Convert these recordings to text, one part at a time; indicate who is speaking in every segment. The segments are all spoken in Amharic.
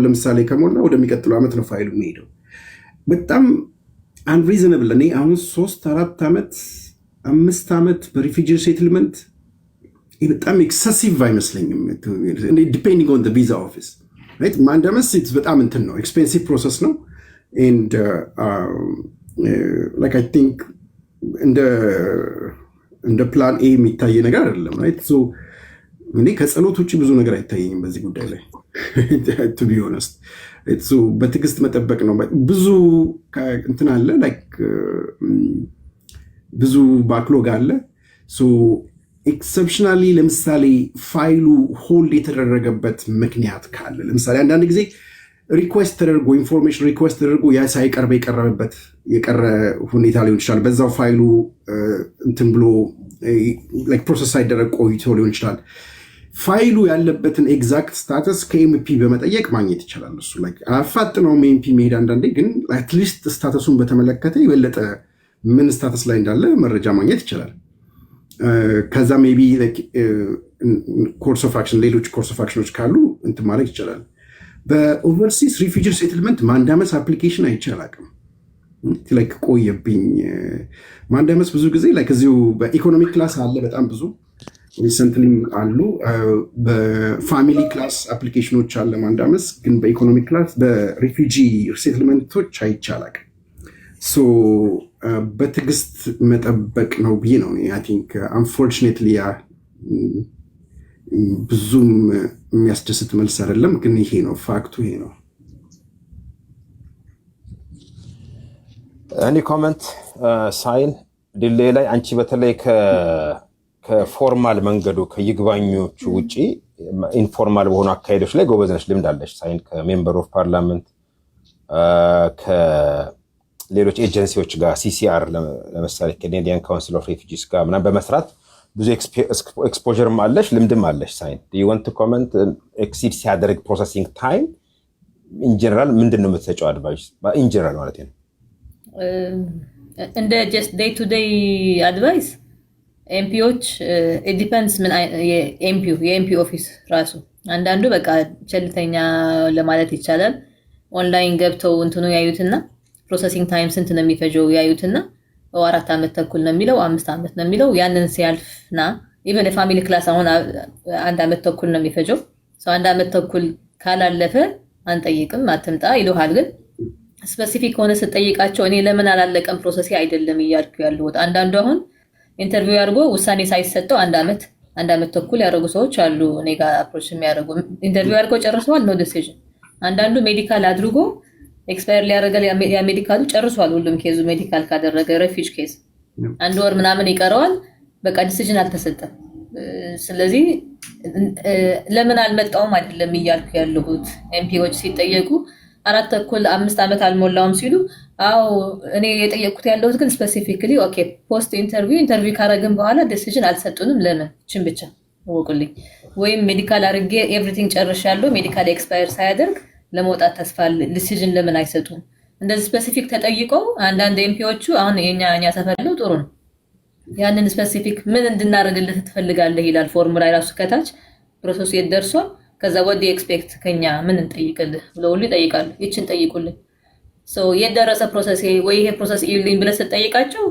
Speaker 1: አሁን ለምሳሌ ከሞላ ወደሚቀጥለው ዓመት ነው ፋይሉ የሚሄደው። በጣም አንሪዝነብል እኔ አሁን ሶስት አራት ዓመት አምስት ዓመት በሪፊጂ ሴትልመንት በጣም ኤክሰሲቭ አይመስለኝም። ዲፔንዲንግ ኦን ቪዛ ኦፊስ አንድ በጣም እንትን ነው ኤክስፔንሲቭ ፕሮሰስ ነው። uh, uh, እንደ ፕላን ኤ የሚታይ ነገር አይደለም። እኔ ከጸሎት ውጭ ብዙ ነገር አይታየኝም በዚህ ጉዳይ ላይ። ቱቢ ሆነስት በትዕግስት መጠበቅ ነው። ብዙ እንትን አለ፣ uh, mm, ብዙ ባክሎግ አለ። ኤክሰፕሽናሊ ለምሳሌ ፋይሉ ሆልድ የተደረገበት ምክንያት ካለ ለምሳሌ አንዳንድ ጊዜ ሪኩዌስት ተደርጎ ኢንፎርሜሽን ሪኩዌስት ተደርጎ ያ ሳይቀርበ የቀረበበት የቀረ ሁኔታ ሊሆን ይችላል። በዛው ፋይሉ uh, እንትን ብሎ ፕሮሰስ uh, ሳይደረግ ቆይቶ ሊሆን ይችላል። ፋይሉ ያለበትን ኤግዛክት ስታተስ ከኤምፒ በመጠየቅ ማግኘት ይቻላል። እሱ ላይ አያፋጥነውም ኤምፒ መሄድ አንዳንዴ፣ ግን አትሊስት ስታተሱን በተመለከተ የበለጠ ምን ስታተስ ላይ እንዳለ መረጃ ማግኘት ይቻላል። uh, ከዛ ሜይ ቢ ኮርስ ኦፍ አክሽን ሌሎች ኮርስ ኦፍ አክሽኖች ካሉ እንትን ማድረግ ይቻላል። በኦቨርሲስ ሪፊውጂ ሴትልመንት ማንዳመስ አፕሊኬሽን አይቼ አላውቅም። ቆየብኝ uh, ማንዳመስ ብዙ ጊዜ እዚሁ በኢኮኖሚክ ክላስ አለ በጣም ብዙ ሪሰንትሊም አሉ። በፋሚሊ ክላስ አፕሊኬሽኖች አለ አንድ አመት ግን በኢኮኖሚ ክላስ በሪፊጂ ሴትልመንቶች አይቻላል። ሶ በትዕግስት መጠበቅ ነው ብዬ ነው አይ ቲንክ አንፎርችኔትሊ ያ ብዙም የሚያስደስት መልስ አይደለም፣ ግን ይሄ ነው ፋክቱ፣ ይሄ ነው። እኔ ኮመንት ሳይን ድሌ ላይ አንቺ በተለይ ከፎርማል መንገዱ ከይግባኞቹ ውጭ ኢንፎርማል በሆኑ አካሄዶች ላይ ጎበዝ ነች፣ ልምድ አለች። ሳይን ከሜምበር ኦፍ ፓርላመንት ከሌሎች ኤጀንሲዎች ጋር ሲሲአር ለምሳሌ ከኔዲያን ካውንስል ኦፍ ሬፊጂስ ጋር ምናምን በመስራት ብዙ ኤክስፖርም አለች ልምድም አለች ሳይን ዩወንት ኮመንት ኤክሲድ ሲያደርግ ፕሮሰሲንግ ታይም ኢንጀነራል ምንድን ነው የምትሰጨው አድቫይስ? ኢንጀነራል ማለት ነው um, እንደ ጀስት ዴይ ቱ ዴይ አድቫይስ ኤምፒዎች ዲፐንድስ ምን ኤምፒው የኤምፒ ኦፊስ ራሱ አንዳንዱ በቃ ቸልተኛ ለማለት ይቻላል። ኦንላይን ገብተው እንትኑ ያዩትና ፕሮሰሲንግ ታይም ስንት ነው የሚፈጀው ያዩትና አራት ዓመት ተኩል ነው የሚለው አምስት ዓመት ነው የሚለው ያንን ሲያልፍና ኢቨን የፋሚሊ ክላስ አሁን አንድ ዓመት ተኩል ነው የሚፈጀው ሰው አንድ ዓመት ተኩል ካላለፈ አንጠይቅም አትምጣ ይልሃል። ግን ስፔሲፊክ ሆነ ስጠይቃቸው እኔ ለምን አላለቀም ፕሮሰሴ አይደለም እያልኩ ያለሁት አንዳንዱ አሁን ኢንተርቪው አድርጎ ውሳኔ ሳይሰጠው አንድ አመት አንድ አመት ተኩል ያደረጉ ሰዎች አሉ። እኔ ጋር አፕሮች የሚያደርጉ ኢንተርቪው አድርጎ ጨርሰዋል፣ ኖ ዲሲዥን። አንዳንዱ ሜዲካል አድርጎ ኤክስፓየር ሊያደርጋል፣ ያ ሜዲካሉ ጨርሷል። ሁሉም ኬዙ ሜዲካል ካደረገ ረፊጅ ኬዝ አንድ ወር ምናምን ይቀረዋል። በቃ ዲሲዥን አልተሰጠም። ስለዚህ ለምን አልመጣውም አይደለም እያልኩ ያለሁት ኤምፒዎች ሲጠየቁ አራት ተኩል አምስት ዓመት አልሞላውም ሲሉ አዎ እኔ የጠየቅኩት ያለሁት ግን ስፔሲፊክሊ ኦኬ ፖስት ኢንተርቪው ኢንተርቪው ካረግን በኋላ ዲሲዥን አልሰጡንም ለምን ችን ብቻ እወቁልኝ ወይም ሜዲካል አርጌ ኤቭሪቲንግ ጨርሻለሁ ሜዲካል ኤክስፓየር ሳያደርግ ለመውጣት ተስፋ ዲሲዥን ለምን አይሰጡም እንደዚህ ስፔሲፊክ ተጠይቀው አንዳንድ ኤምፒዎቹ አሁን የኛ እኛ ሰፈር ያለው ጥሩ ነው ያንን ስፔሲፊክ ምን እንድናደርግልህ ትፈልጋለህ ይላል ፎርሙላ ላይ ራሱ ከታች ፕሮሰሱ የት ደርሷል ከዛ ወዲ ኤክስፔክት ከኛ ምን እንጠይቅልህ ብሎ ሁሉ ይጠይቃሉ። ይችን ጠይቁልን የደረሰ ፕሮሰስ ወይ ይሄ ፕሮሰስ ይልኝ ብለህ ስትጠይቃቸው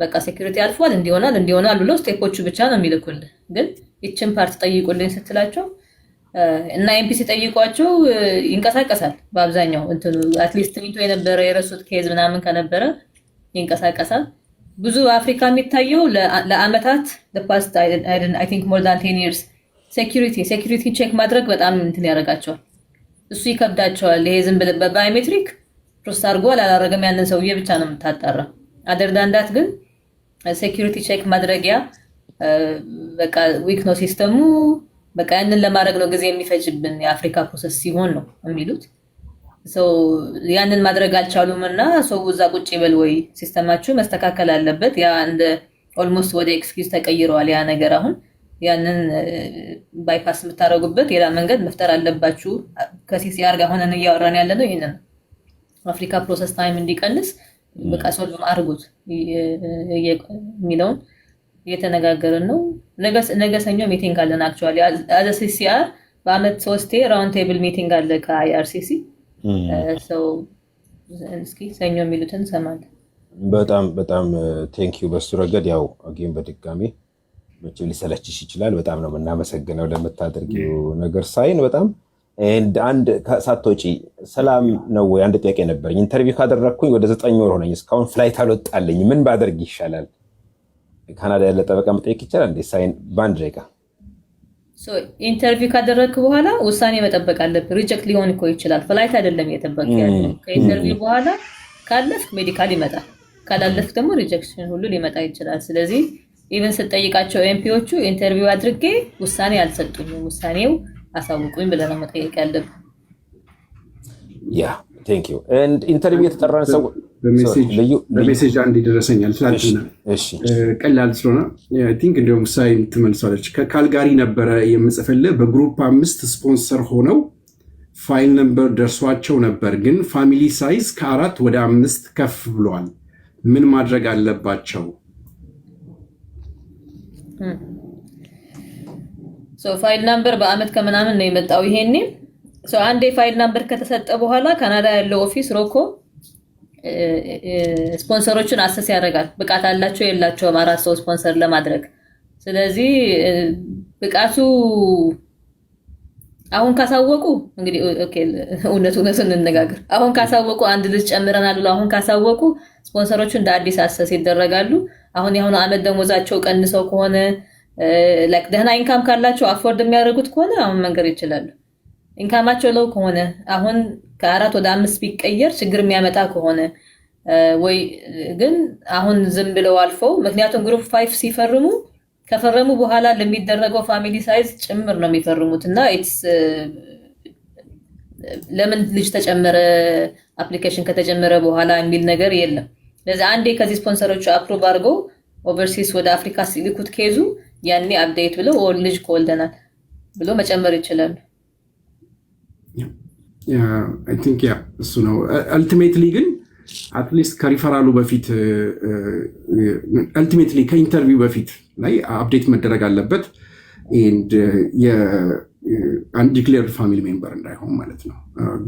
Speaker 1: በቃ ሴኩሪቲ አልፏል እንዲሆናል እንዲሆናል ብሎ ስቴፖቹ ብቻ ነው የሚልኩል። ግን ይችን ፓርት ጠይቁልኝ ስትላቸው እና ኤምፒሲ ጠይቋቸው ይንቀሳቀሳል በአብዛኛው እንትኑ አትሊስት ሚንቶ የነበረ የረሱት ኬዝ ምናምን ከነበረ ይንቀሳቀሳል። ብዙ አፍሪካ የሚታየው ለአመታት ፓስት አይ ቲንክ ሞር ቴን ይርስ ሴኪሪቲ ሴኪሪቲ ቼክ ማድረግ በጣም እንትን ያደርጋቸዋል። እሱ ይከብዳቸዋል። ይሄ ዝም ብለህ በባዮሜትሪክ ፕሮስት አድርጓል አላረገም ያንን ሰውዬ ብቻ ነው የምታጣራ። አደርዳንዳት ግን ሴኪሪቲ ቼክ ማድረጊያ በቃ ዊክ ነው ሲስተሙ። በቃ ያንን ለማድረግ ነው ጊዜ የሚፈጅብን የአፍሪካ ፕሮሰስ ሲሆን ነው የሚሉት። ያንን ማድረግ አልቻሉም እና ሰው እዛ ቁጭ ይበል ወይ ሲስተማችሁ መስተካከል አለበት። ያ እንደ ኦልሞስት ወደ ኤክስኪውዝ ተቀይረዋል ያ ነገር አሁን ያንን ባይፓስ የምታደረጉበት ሌላ መንገድ መፍጠር አለባችሁ። ከሲሲአር ጋር ሆነን እያወራን ያለ ነው። ይህንን አፍሪካ ፕሮሰስ ታይም እንዲቀንስ በቃ ሰው አድርጉት የሚለውን እየተነጋገርን ነው። ነገ ሰኞ ሚቲንግ አለን። አክቹዋሊ አዘ ሲሲአር በአመት ሶስቴ ራውንድ ቴብል ሚቲንግ አለ ከአይአርሲሲ ሰው እስኪ ሰኞ የሚሉትን እንሰማለን። በጣም በጣም ቴንኪዩ። በሱ ረገድ ያው አጌን በድጋሜ መቼም ሊሰለችሽ ይችላል። በጣም ነው የምናመሰግነው ለምታደርጊው ነገር ሳይን በጣም አንድ ሳትወጪ ሰላም ነው ወይ? አንድ ጥያቄ ነበረኝ። ኢንተርቪው ካደረግኩኝ ወደ ዘጠኝ ወር ሆነኝ። እስካሁን ፍላይት አልወጣለኝ። ምን ባደርግ ይሻላል? ካናዳ ያለ ጠበቃ መጠየቅ ይቻላል እንዴ? ሳይን በአንድ ደቂቃ ኢንተርቪው ካደረግክ በኋላ ውሳኔ መጠበቅ አለብህ። ሪጀክት ሊሆን እኮ ይችላል። ፍላይት አይደለም እየጠበቅ ያለ። ከኢንተርቪው በኋላ ካለፍክ ሜዲካል ይመጣል፣ ካላለፍክ ደግሞ ሪጀክሽን ሁሉ ሊመጣ ይችላል። ስለዚህ ኢቨን ስጠይቃቸው ኤምፒዎቹ ኢንተርቪው አድርጌ ውሳኔ አልሰጡኝም። ውሳኔው አሳውቁኝ ብለህ ነው መጠየቅ ያለብህ። ያ ቴንክ ዩ ኢንተርቪው የተጠራን ሰው በሜሴጅ አንድ ይደረሰኛል። ትላንትና ቀላል ስለሆነ ቲንክ እንዲሁም ሳይን ትመልሳለች። ከካልጋሪ ነበረ የምጽፍልህ በግሩፕ አምስት ስፖንሰር ሆነው ፋይል ነምበር ደርሷቸው ነበር፣ ግን ፋሚሊ ሳይዝ ከአራት ወደ አምስት ከፍ ብሏል። ምን ማድረግ አለባቸው? ፋይል ናምበር በአመት ከምናምን ነው የመጣው። ይሄኔ አንድ የፋይል ናምበር ከተሰጠ በኋላ ካናዳ ያለው ኦፊስ ሮኮ ስፖንሰሮችን አሰስ ያደርጋል። ብቃት አላቸው የላቸውም፣ አራት ሰው ስፖንሰር ለማድረግ ስለዚህ ብቃቱ አሁን ካሳወቁ እንግዲህ ኦኬ፣ እውነት እውነቱን እንነጋገር። አሁን ካሳወቁ አንድ ልጅ ጨምረናል ብለው አሁን ካሳወቁ ስፖንሰሮቹ እንደ አዲስ አሰስ ይደረጋሉ። አሁን የሆነ አመት ደሞዛቸው ቀንሰው ከሆነ ላይክ ደህና ኢንካም ካላቸው አፎርድ የሚያደርጉት ከሆነ አሁን መንገር ይችላሉ። ኢንካማቸው ለው ከሆነ አሁን ከአራት ወደ አምስት ቢቀየር ችግር የሚያመጣ ከሆነ ወይ ግን አሁን ዝም ብለው አልፈው፣ ምክንያቱም ግሩፕ ፋይቭ ሲፈርሙ ከፈረሙ በኋላ ለሚደረገው ፋሚሊ ሳይዝ ጭምር ነው የሚፈርሙት እና ኢትስ ለምን ልጅ ተጨመረ አፕሊኬሽን ከተጨመረ በኋላ የሚል ነገር የለም። ለዚ አንዴ ከዚህ ስፖንሰሮቹ አፕሮቭ አድርገው ኦቨርሲስ ወደ አፍሪካ ሲልኩት ኬዙ ያኔ አፕዴት ብለው ወር ልጅ ከወልደናል ብሎ መጨመር ይችላሉ። እሱ ነው። አልቲሜትሊ ግን አትሊስት ከሪፈራሉ በፊት አልቲሜትሊ ከኢንተርቪው በፊት ላይ አፕዴት መደረግ አለበት። አንድ ፋሚሊ ሜምበር እንዳይሆን ማለት ነው።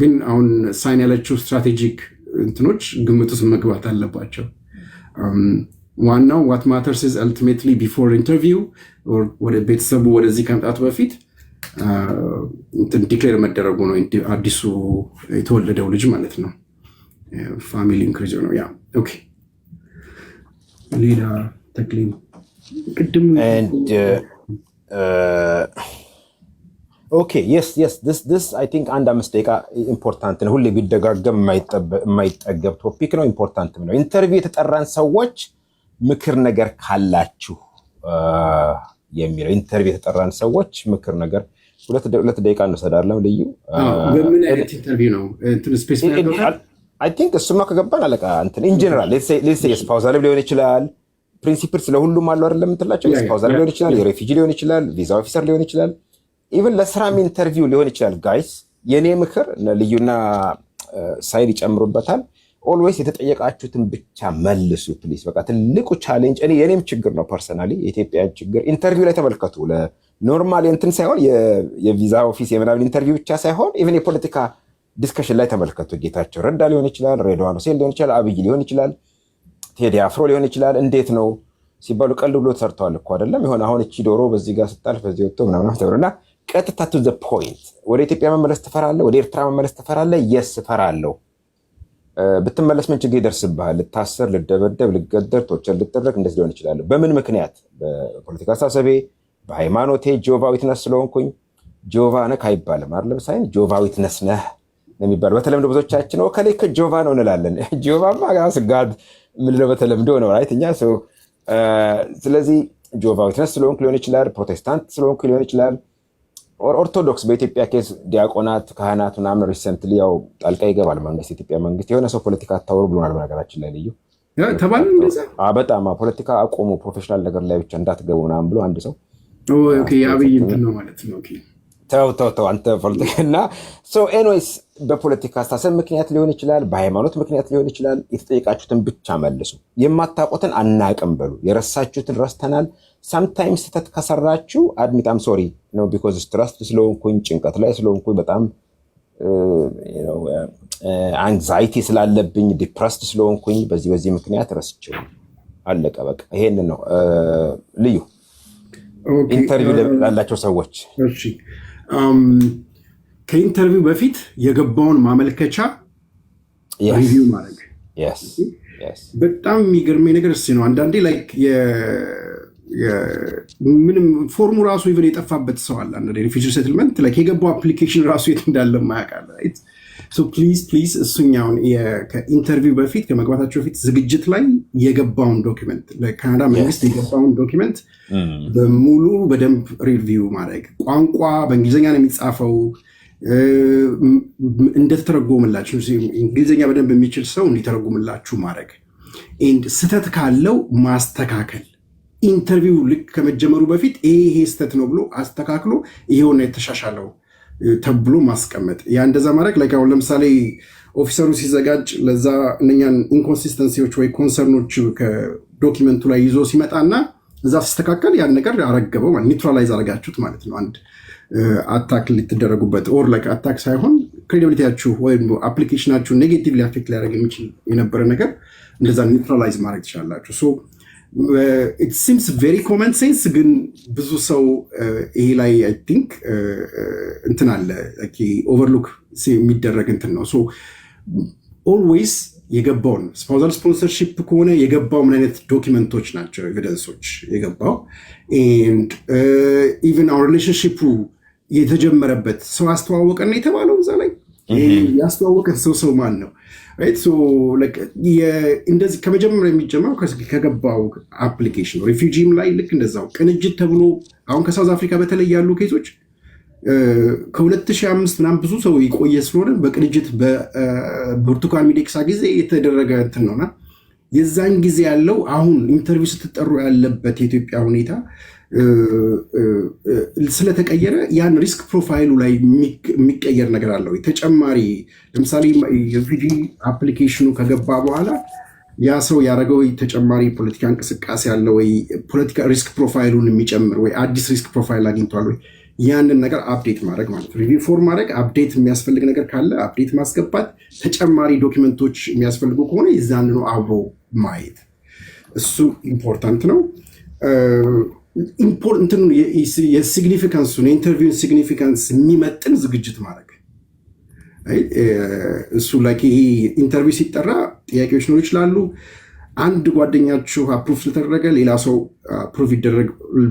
Speaker 1: ግን አሁን ሳይን ያለችው ስትራቴጂክ እንትኖች ግምት ውስጥ መግባት አለባቸው። um, ዋናው ዋት ማተርስ ኢዝ አልቲሜትሊ ቢፎር ኢንተርቪው ወደ ቤተሰቡ ወደዚህ ከመምጣቱ በፊት ዲክሌር uh, መደረጉ ነው። አዲሱ የተወለደው ልጅ ማለት ነው። ፋሚሊ uh, ኢንክሪዝ ነው። ያ ኦኬ። ሌላ ተክሊም ቅድም uh, ኦኬ የስ የስ ስ ስ አይ ቲንክ አንድ አምስት ደቂቃ ኢምፖርታንት ነው። ሁሌ ቢደጋገም የማይጠገብ ቶፒክ ነው፣ ኢምፖርታንትም ነው። ኢንተርቪው የተጠራን ሰዎች ምክር ነገር ካላችሁ የሚለው ኢንተርቪው የተጠራን ሰዎች ምክር ነገር ሁለት ደቂቃ እንወሰዳለን። ልዩ በምን አይነት ኢንተርቪው ነው? አይ ቲንክ እሱማ ከገባን አለቃ እንትን ኢንጀነራል ሌሴ ሊሆን ይችላል ፕሪንሲፕል ስለሁሉም አሉ አይደለም የምትላቸው የስፓውዛልም ሊሆን ይችላል የሬፊጂ ሊሆን ይችላል ቪዛ ኦፊሰር ሊሆን ይችላል ኢቨን ለስራም ኢንተርቪው ሊሆን ይችላል። ጋይስ የእኔ ምክር ልዩና ሳይድ ይጨምሩበታል። ኦልዌይስ የተጠየቃችሁትን ብቻ መልሱ ፕሊስ። በቃ ትልቁ ቻሌንጅ እኔ የኔም ችግር ነው ፐርሰናሊ፣ የኢትዮጵያ ችግር ኢንተርቪው ላይ ተመልከቱ። ለኖርማል እንትን ሳይሆን የቪዛ ኦፊስ የምናምን ኢንተርቪው ብቻ ሳይሆን ኢቨን የፖለቲካ ዲስከሽን ላይ ተመልከቱ። ጌታቸው ረዳ ሊሆን ይችላል፣ ሬድዋን ሁሴን ሊሆን ይችላል፣ አብይ ሊሆን ይችላል፣ ቴዲ አፍሮ ሊሆን ይችላል። እንዴት ነው ሲባሉ ቀልድ ብሎ ተሰርተዋል እኮ አይደለም። የሆነ አሁን እቺ ዶሮ በዚህ ጋር ስታልፍ በዚህ ወጥቶ ምናምን ተብሎና ቀጥታ ቱ ዘ ፖይንት ወደ ኢትዮጵያ መመለስ ትፈራለህ? ወደ ኤርትራ መመለስ ትፈራለህ? የስ እፈራለሁ። ብትመለስ ምን ችግር ይደርስብሃል? ልታሰር፣ ልደበደብ፣ ልገደር፣ ቶርቸር ልደረግ፣ እንደዚህ ሊሆን ይችላል። በምን ምክንያት? በፖለቲካ አሳሰቤ፣ በሃይማኖቴ ጆቫ ዊትነስ ስለሆንኩኝ። ጆቫ ነህ አይባልም አይደለም፣ ሳይን ጆቫ ዊትነስ ነህ የሚባለው በተለምዶ ብዙዎቻችን ወከሌ ከጆቫ ነው እንላለን። ጆቫማ ራስ ጋድ ምንለው በተለምዶ ነው ራይት እኛ ስለዚህ ጆቫ ዊትነስ ስለሆንኩ ሊሆን ይችላል፣ ፕሮቴስታንት ስለሆንኩ ሊሆን ይችላል ኦርቶዶክስ በኢትዮጵያ ኬዝ ዲያቆናት፣ ካህናት ምናምን ሪሰንትሊ ያው ጣልቃ ይገባል መንግስት፣ የኢትዮጵያ መንግስት የሆነ ሰው ፖለቲካ አታወሩ ብሎናል። በነገራችን ላይ ልዩ ተባል በጣም ፖለቲካ አቆሙ፣ ፕሮፌሽናል ነገር ላይ ብቻ እንዳትገቡ ምናምን ብሎ አንድ ሰው የአብይ አንተ ፖለቲካ እና ኤንዌይስ በፖለቲካ አስተሳሰብ ምክንያት ሊሆን ይችላል፣ በሃይማኖት ምክንያት ሊሆን ይችላል። የተጠየቃችሁትን ብቻ መልሱ። የማታውቁትን አናቅም በሉ። የረሳችሁትን ረስተናል ሳምታይም ስህተት ከሰራችሁ አድሚጣም ሶሪ ነው ቢኮዝ ስትረስድ ስለሆንኩኝ ጭንቀት ላይ ስለሆንኩኝ በጣም አንግዛይቲ ስላለብኝ ዲፕረስድ ስለሆንኩኝ በዚህ በዚህ ምክንያት ረስቼው አለቀ በቃ። ይሄን ነው ልዩ ኢንተርቪው ላላቸው ሰዎች። ከኢንተርቪው በፊት የገባውን ማመልከቻ ሪቪው ማድረግ በጣም የሚገርመኝ ነገር እሱ ነው። አንዳንዴ ላይክ ምንም ፎርሙ ራሱ ኢቨን የጠፋበት ሰው አለ። ሪፊውጅ ሴትልመንት ላይ የገባው አፕሊኬሽን ራሱ የት እንዳለ ማያውቃል። ፕሊዝ ፕሊዝ እሱኛውን ከኢንተርቪው በፊት ከመግባታቸው በፊት ዝግጅት ላይ የገባውን ዶኪመንት ለካናዳ መንግስት የገባውን ዶኪመንት mm. በሙሉ በደንብ ሪቪው ማድረግ፣ ቋንቋ በእንግሊዝኛ ነው የሚጻፈው እንደተተረጎምላችሁ እንግሊዝኛ በደንብ የሚችል ሰው እንዲተረጉምላችሁ ማድረግ፣ ስህተት ካለው ማስተካከል ኢንተርቪው ልክ ከመጀመሩ በፊት ይሄ ይሄ ስተት ነው ብሎ አስተካክሎ ይሄውን የተሻሻለው ተብሎ ማስቀመጥ ያ እንደዛ ማድረግ ላይ አሁን ለምሳሌ ኦፊሰሩ ሲዘጋጅ ለዛ እነኛን ኢንኮንሲስተንሲዎች ወይ ኮንሰርኖች ከዶኪመንቱ ላይ ይዞ ሲመጣና እዛ ሲስተካከል ያን ነገር አረገበው ኒውትራላይዝ አረጋችሁት ማለት ነው። አንድ አታክ ልትደረጉበት ኦር ላይክ አታክ ሳይሆን ክሬዲብሊቲያችሁ ወይም አፕሊኬሽናችሁ ኔጌቲቭ ሊአፌክት ሊያደረግ የሚችል የነበረ ነገር እንደዛ ኒውትራላይዝ ማድረግ ትችላላችሁ። ሲምስ ቬሪ ኮመን ሴንስ ግን ብዙ ሰው uh, ይሄ ላይ አይ ቲንክ uh, uh, እንትን አለ ኦቨርሉክ የሚደረግ እንትን ነው። ኦልዌይስ የገባውን ስፖንሰር ስፖንሰርሺፕ ከሆነ የገባው ምን አይነት ዶኪመንቶች ናቸው ኤቪደንሶች የገባው ኤንድ ኢቨን አሁን ሪሌሽንሺፑ የተጀመረበት ሰው አስተዋወቀና የተባለው እዛ ላይ ያስተዋወቀ ሰው ሰው ማን ነው? እንደዚህ ከመጀመሪያ የሚጀመረው ከገባው አፕሊኬሽን ነው። ላይ ልክ እንደዛው ቅንጅት ተብሎ አሁን ከሳውዝ አፍሪካ በተለይ ያሉ ኬሶች ከ2005 ምናምን ብዙ ሰው የቆየ ስለሆነ በቅንጅት በብርቱካን ሚደቅሳ ጊዜ የተደረገ እንትን ነውና የዛን ጊዜ ያለው አሁን ኢንተርቪው ስትጠሩ ያለበት የኢትዮጵያ ሁኔታ ስለተቀየረ ያን ሪስክ ፕሮፋይሉ ላይ የሚቀየር ነገር አለው። ተጨማሪ ለምሳሌ የቪጂ አፕሊኬሽኑ ከገባ በኋላ ያ ሰው ያደረገው ተጨማሪ ፖለቲካ እንቅስቃሴ አለ ወይ፣ ፖለቲካ ሪስክ ፕሮፋይሉን የሚጨምር ወይ፣ አዲስ ሪስክ ፕሮፋይል አግኝቷል ወይ፣ ያንን ነገር አፕዴት ማድረግ ማለት ነው። ሪፎርም ማድረግ አፕዴት የሚያስፈልግ ነገር ካለ አፕዴት ማስገባት፣ ተጨማሪ ዶኪመንቶች የሚያስፈልጉ ከሆነ የዛንኑ አብሮ ማየት፣ እሱ ኢምፖርታንት ነው። ኢምፖርታንት የሲግኒፊካንሱን የኢንተርቪውን ሲግኒፊካንስ የሚመጥን ዝግጅት ማድረግ እሱ ላይ ይሄ ኢንተርቪው ሲጠራ ጥያቄዎች ኖሩ ይችላሉ። አንድ ጓደኛችሁ አፕሩቭ ስለተደረገ ሌላ ሰው አፕሩቭ ይደረግ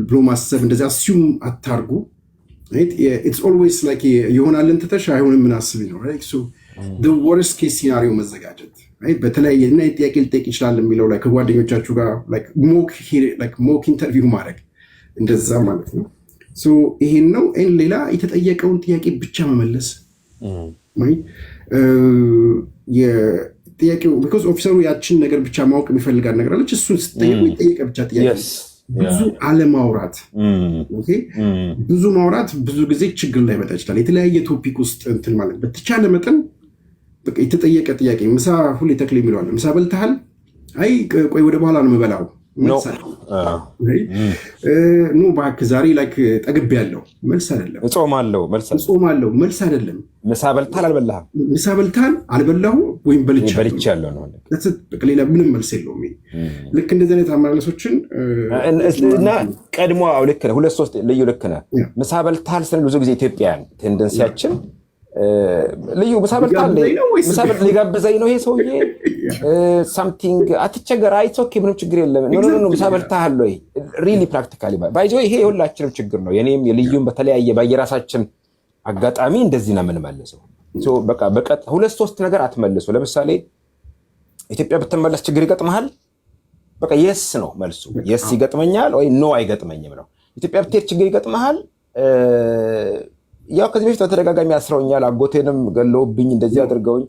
Speaker 1: ብሎ ማሰብ እንደዚያ አስዩም አታርጉ። ኢትስ ኦልዌይስ ላይክ ይሆናልን ትተሽ አይሆን የምናስብ ነው ወርስ ኬስ ሲናሪዮ መዘጋጀት በተለያየ እና ጥያቄ ልጠይቅ ይችላል የሚለው ከጓደኞቻችሁ ጋር ሞክ ኢንተርቪው ማድረግ እንደዛ ማለት ነው። ይሄን ነው ሌላ የተጠየቀውን ጥያቄ ብቻ መመለስ ጥያቄው ቢኮዝ ኦፊሰሩ ያችን ነገር ብቻ ማወቅ የሚፈልጋት ነገር አለች። እሱን ስጠየቁ የጠየቀ ብቻ ጥያቄ ብዙ አለማውራት፣ ብዙ ማውራት ብዙ ጊዜ ችግር ላይ መጣ ይችላል። የተለያየ ቶፒክ ውስጥ እንትን ማለት በተቻለ መጠን የተጠየቀ ጥያቄ ምሳ ሁሌ ተክል የሚለዋል ምሳ በልተሃል? አይ ቆይ ወደ በኋላ ነው የምበላው ኖ እባክህ ዛሬ ላይክ ያለው መልስ አይደለም። እጾማለሁ። መልስ አይደለም። ምሳ በልተሃል አልበላህም? ምሳ በልተሃል አልበላሁም ወይም በልቻለሁ ነው። ሌላ ምንም መልስ የለውም። ልክ እንደዚህ አይነት አመላለሶችን እና ቀድሞ ልክ ነህ፣ ሁለት ሶስት ልዩ ልክ ነህ። ምሳ በልተሃል ስንል ብዙ ጊዜ ኢትዮጵያን ቴንደንሲያችን ልዩ ምሳ በልታ ሊጋብዘኝ ነው ይሄ ሰውዬ ሳምቲንግ አትቸገር፣ አይ ኦኬ፣ ምንም ችግር የለም። ምሳ በልታሃል ወይ? ሪሊ ፕራክቲካሊ ባይዞ ይሄ የሁላችንም ችግር ነው። የኔም የልዩም በተለያየ በየራሳችን አጋጣሚ እንደዚህ ነው የምንመልሰው። ሁለት ሶስት ነገር አትመልሱ። ለምሳሌ ኢትዮጵያ ብትመለስ ችግር ይገጥመሃል። በቃ የስ ነው መልሱ። የስ ይገጥመኛል ወይ ኖ አይገጥመኝም ነው። ኢትዮጵያ ብትሄድ ችግር ይገጥመሃል ያው ከዚህ በፊት በተደጋጋሚ አስረውኛል፣ አጎቴንም ገለውብኝ፣ እንደዚህ አድርገውኝ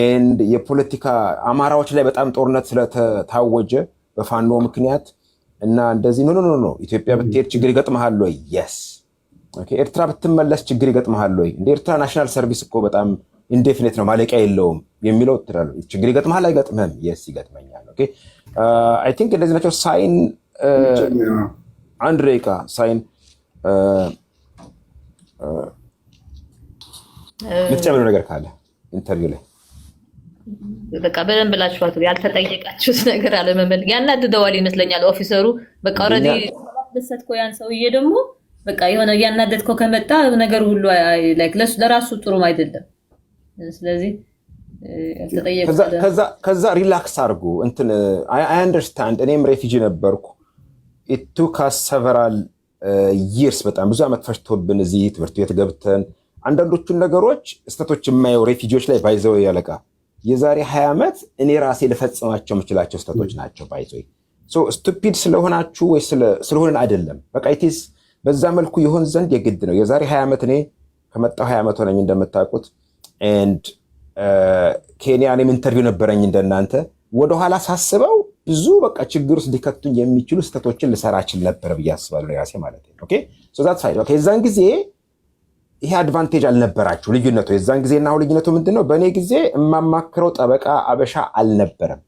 Speaker 1: ኤንድ የፖለቲካ አማራዎች ላይ በጣም ጦርነት ስለተታወጀ በፋኖ ምክንያት እና እንደዚህ ኖ ኖ ኖ ኢትዮጵያ ብትሄድ ችግር ይገጥመሃል ወይ? የስ ኤርትራ ብትመለስ ችግር ይገጥመሃል ወይ? እንደ ኤርትራ ናሽናል ሰርቪስ እኮ በጣም ኢንዴፊኔት ነው፣ ማለቂያ የለውም የሚለው ትላሉ። ችግር ይገጥመሃል አይገጥምህም? የስ ይገጥመኛል። አይ ቲንክ እንደዚህ ናቸው። ሳይን አንድ ደቂቃ ሳይን የምትጨምሪው ነገር ካለ ኢንተርቪው ላይ በቃ በደንብ ብላችኋት ያልተጠየቃችሁት ነገር አለመመል ያናድደዋል ይመስለኛል። ኦፊሰሩ በቃ ረ ደሰትኮ ያን ሰውዬ ደግሞ በቃ የሆነ እያናደድኮ ከመጣ ነገር ሁሉ ለሱ ለራሱ ጥሩም አይደለም። ስለዚህ ከዛ ሪላክስ አድርጉ እንትን አይ አንደርስታንድ እኔም ሬፊጂ ነበርኩ ኢቱ ካስ ሰቨራል ይርስ በጣም ብዙ ዓመት ፈጅቶብን እዚህ ትምህርት ቤት ገብተን አንዳንዶቹን ነገሮች ስተቶች የማየው ሬፊጂዎች ላይ ባይዘው ያለቃ የዛሬ ሀያ ዓመት እኔ ራሴ ልፈጽማቸው የምችላቸው እስተቶች ናቸው። ባይዘ ስቱፒድ ስለሆናችሁ ወይ ስለሆንን አይደለም። በቃ ኢቲስ በዛ መልኩ ይሆን ዘንድ የግድ ነው። የዛሬ ሀያ ዓመት እኔ ከመጣው ሀያ ዓመት ሆነኝ እንደምታውቁት ኬንያ እኔም ኢንተርቪው ነበረኝ እንደናንተ ወደኋላ ሳስበው ብዙ በቃ ችግር ውስጥ ሊከቱኝ የሚችሉ ስህተቶችን ልሰራ እችል ነበር ብዬ አስባለሁ ራሴ ማለት ነው። የዛን ጊዜ ይሄ አድቫንቴጅ አልነበራችሁ። ልዩነቱ የዛን ጊዜና አሁን ልዩነቱ ምንድን ነው? በእኔ ጊዜ የማማክረው ጠበቃ አበሻ አልነበረም።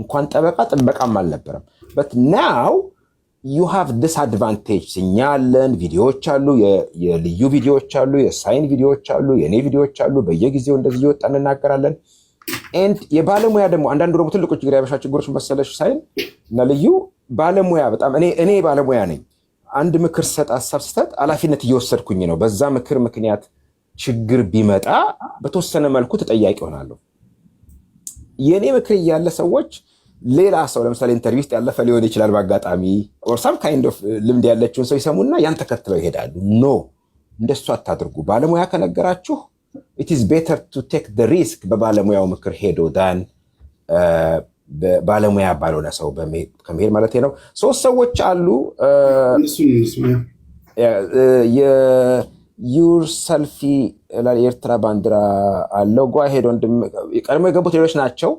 Speaker 1: እንኳን ጠበቃ ጥበቃም አልነበረም። በት ናው ዩ ሃቭ ዲስ አድቫንቴጅ። እኛ አለን ቪዲዮዎች አሉ፣ የልዩ ቪዲዮዎች አሉ፣ የሳይን ቪዲዮዎች አሉ፣ የእኔ ቪዲዮዎች አሉ። በየጊዜው እንደዚህ እየወጣ እንናገራለን። ኤንድ የባለሙያ ደግሞ አንዳንዱ ደግሞ ትልቁ ችግር ያበሻ ችግሮች መሰለሽ ሳይል እና ልዩ ባለሙያ በጣም እኔ ባለሙያ ነኝ። አንድ ምክር ስሰጥ ሀሳብ ስሰጥ ኃላፊነት እየወሰድኩኝ ነው። በዛ ምክር ምክንያት ችግር ቢመጣ በተወሰነ መልኩ ተጠያቂ ሆናለሁ። የእኔ ምክር እያለ ሰዎች ሌላ ሰው ለምሳሌ ኢንተርቪው ውስጥ ያለፈ ሊሆን ይችላል በአጋጣሚ ኦር ሳም ካይንድ ኦፍ ልምድ ያለችውን ሰው ይሰሙና ያን ተከትለው ይሄዳሉ። ኖ እንደሱ አታድርጉ። ባለሙያ ከነገራችሁ ኢትስ ቤተር ቱ ቴክ ደ ሪስክ በባለሙያው ምክር ሄዶ ዳን ባለሙያ ባልሆነ ሰው ከመሄድ ማለት ነው። ሶስት ሰዎች አሉ። የዩር ሰልፊ የኤርትራ ባንዲራ አለው። ጓ ሄዶ ቀድሞ የገቡት ሌሎች ናቸው።